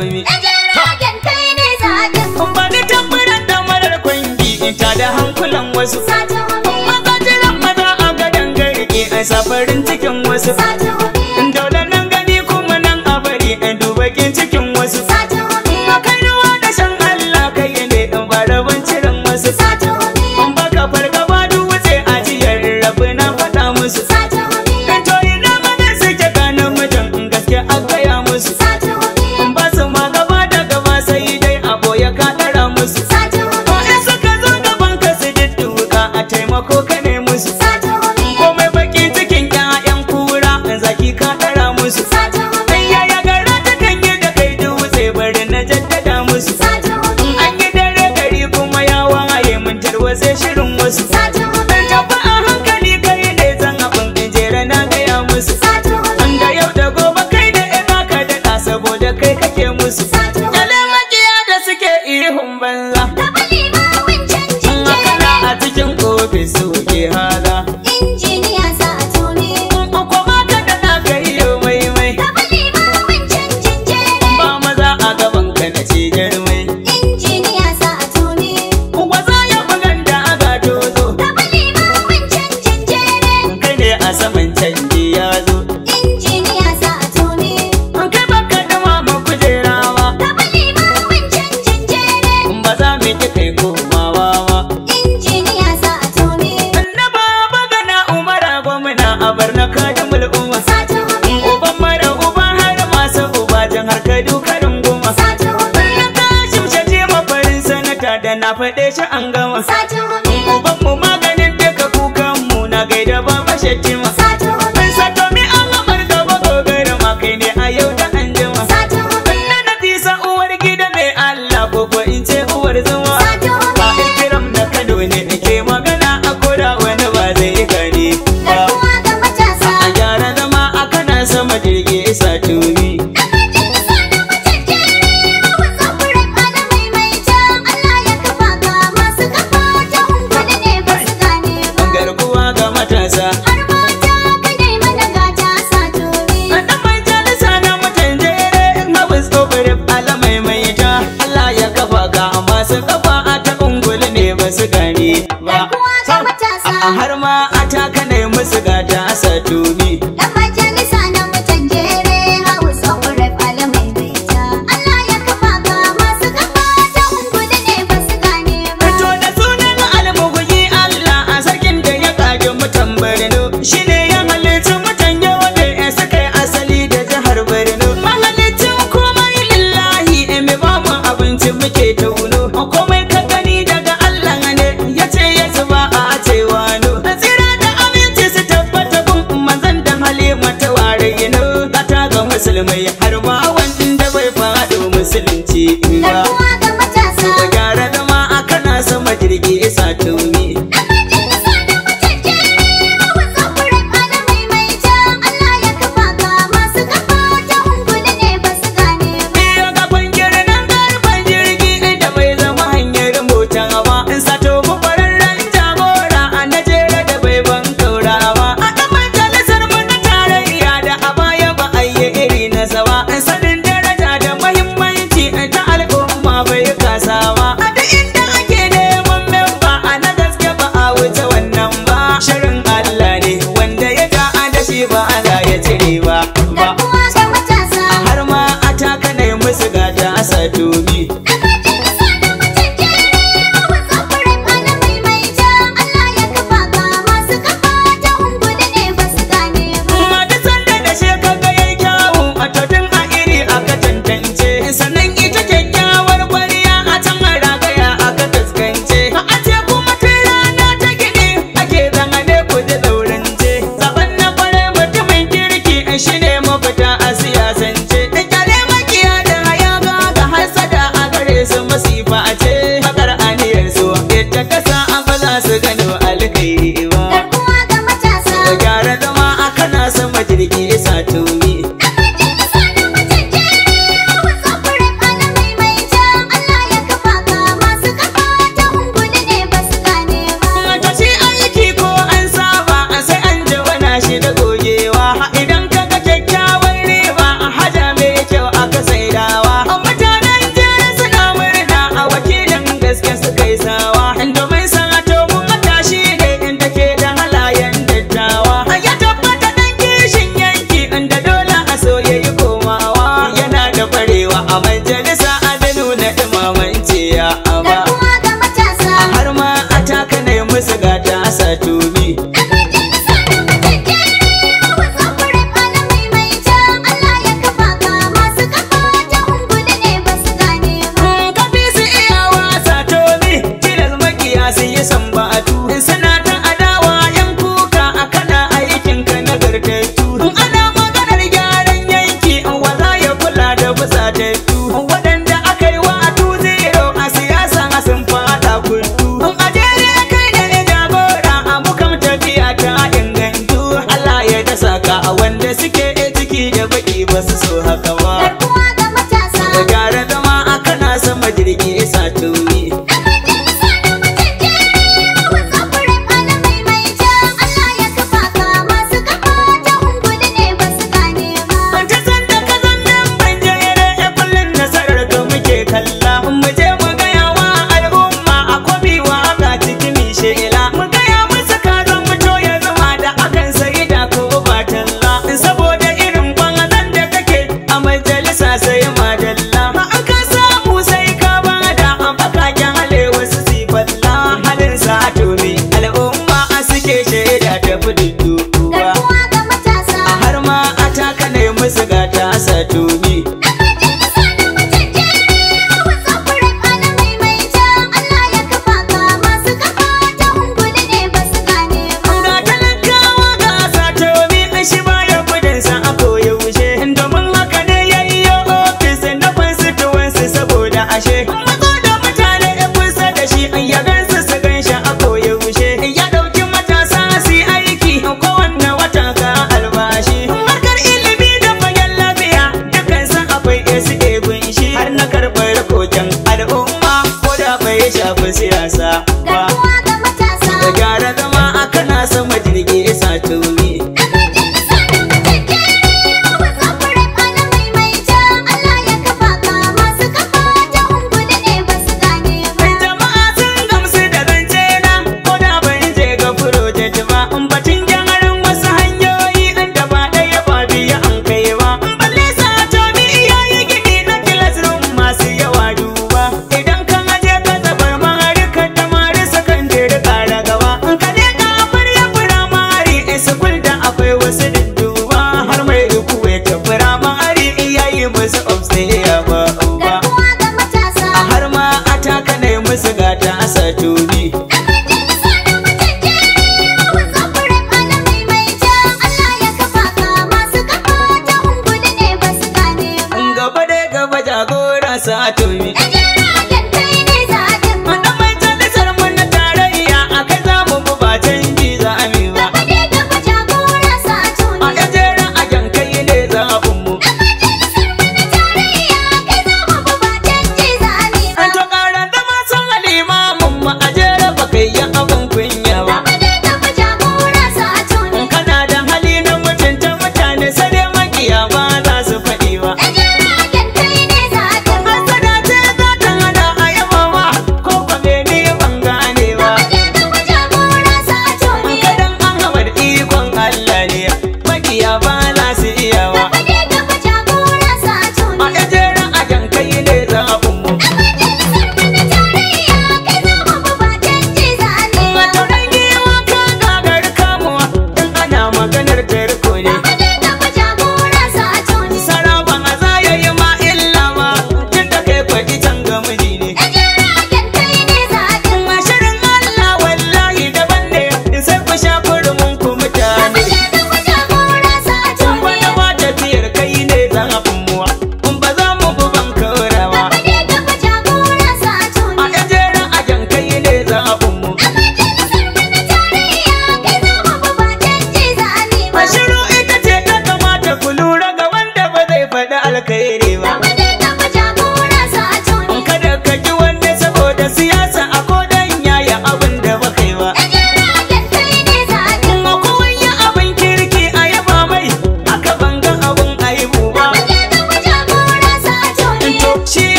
ne Bani tabbatar da marar kwangi ita da hankulan wasu. Maza jiran maza a gadon garke a safarin cikin wasu. saman canji ya zo injiniya sa a tome mun kai baka da ba kujera ba ta bali canjin jere ba za mu ki kai komawa ba injiniya sa a tome annaba bagana umara gwamna a barna kajin mul'umma uban mara uban har masu uba jan har kai dukarin goma na tashi shaje mafarin sanata da na faɗe shi an gama zalunce in ba san